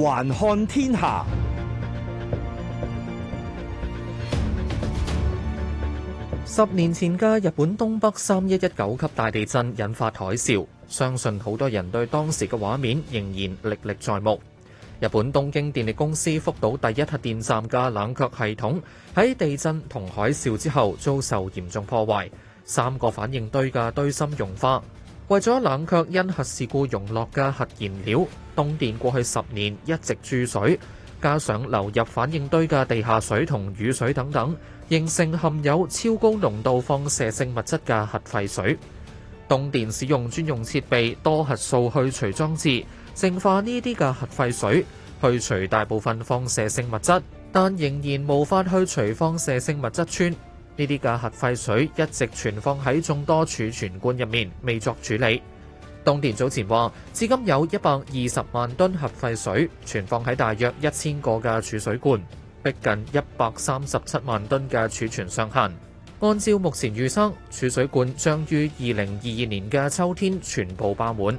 環看天下。十年前嘅日本東北三一一九級大地震引發海嘯，相信好多人對當時嘅畫面仍然歷歷在目。日本東京電力公司福島第一核電站嘅冷卻系統喺地震同海嘯之後遭受嚴重破壞，三個反應堆嘅堆芯融化。為咗冷卻因核事故溶落嘅核燃料，東電過去十年一直注水，加上流入反應堆嘅地下水同雨水等等，形成含有超高濃度放射性物質嘅核廢水。東電使用專用設備多核素去除裝置，淨化呢啲嘅核廢水，去除大部分放射性物質，但仍然無法去除放射性物質氚。呢啲嘅核廢水一直存放喺眾多儲存罐入面，未作處理。東電早前話，至今有一百二十萬噸核廢水存放喺大約一千個嘅儲水罐，逼近一百三十七萬噸嘅儲存上限。按照目前預測，儲水罐將於二零二二年嘅秋天全部爆滿。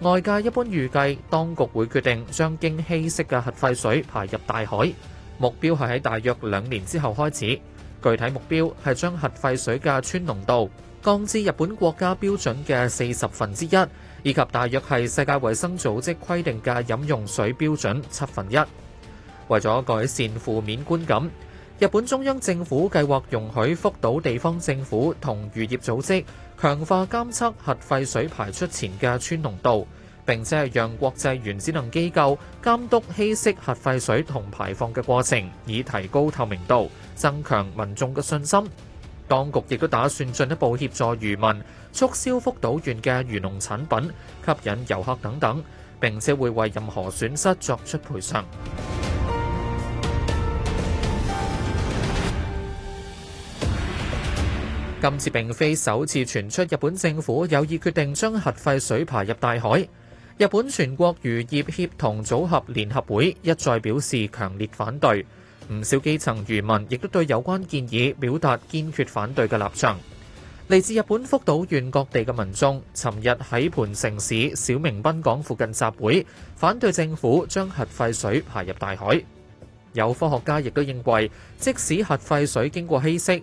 外界一般預計當局會決定將經稀釋嘅核廢水排入大海，目標係喺大約兩年之後開始。具體目標係將核廢水嘅氚濃度降至日本國家標準嘅四十分之一，以及大約係世界衞生組織規定嘅飲用水標準七分一。為咗改善負面觀感，日本中央政府計劃容許福島地方政府同漁業組織強化監測核廢水排出前嘅氚濃度，並且係讓國際原子能機構監督稀釋核廢水同排放嘅過程，以提高透明度，增強民眾嘅信心。當局亦都打算進一步協助漁民促銷福島縣嘅漁農產品，吸引遊客等等，並且會為任何損失作出賠償。今次並非首次傳出日本政府有意決定將核廢水排入大海，日本全國漁業協同組合聯合會一再表示強烈反對，唔少基層漁民亦都對有關建議表達堅決反對嘅立場。嚟自日本福島縣各地嘅民眾尋日喺磐城市小名浜港附近集會反對政府將核廢水排入大海。有科學家亦都認為即使核廢水經過稀釋。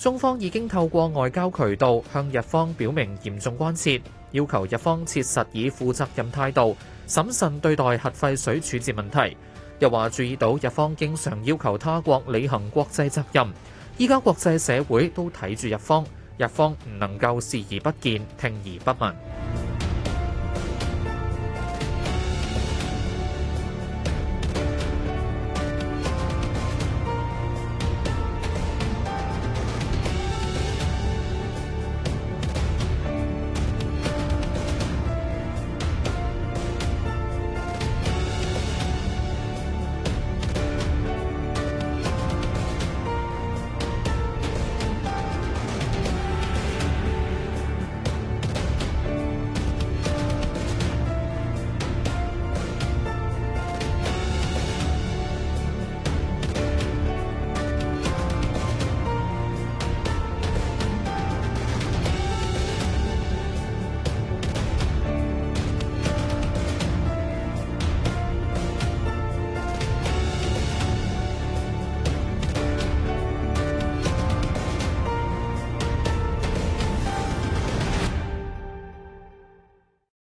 中方已經透過外交渠道向日方表明嚴重關切，要求日方切實以負責任態度審慎對待核廢水處置問題。又話注意到日方經常要求他國履行國際責任，依家國際社會都睇住日方，日方唔能夠視而不見、聽而不聞。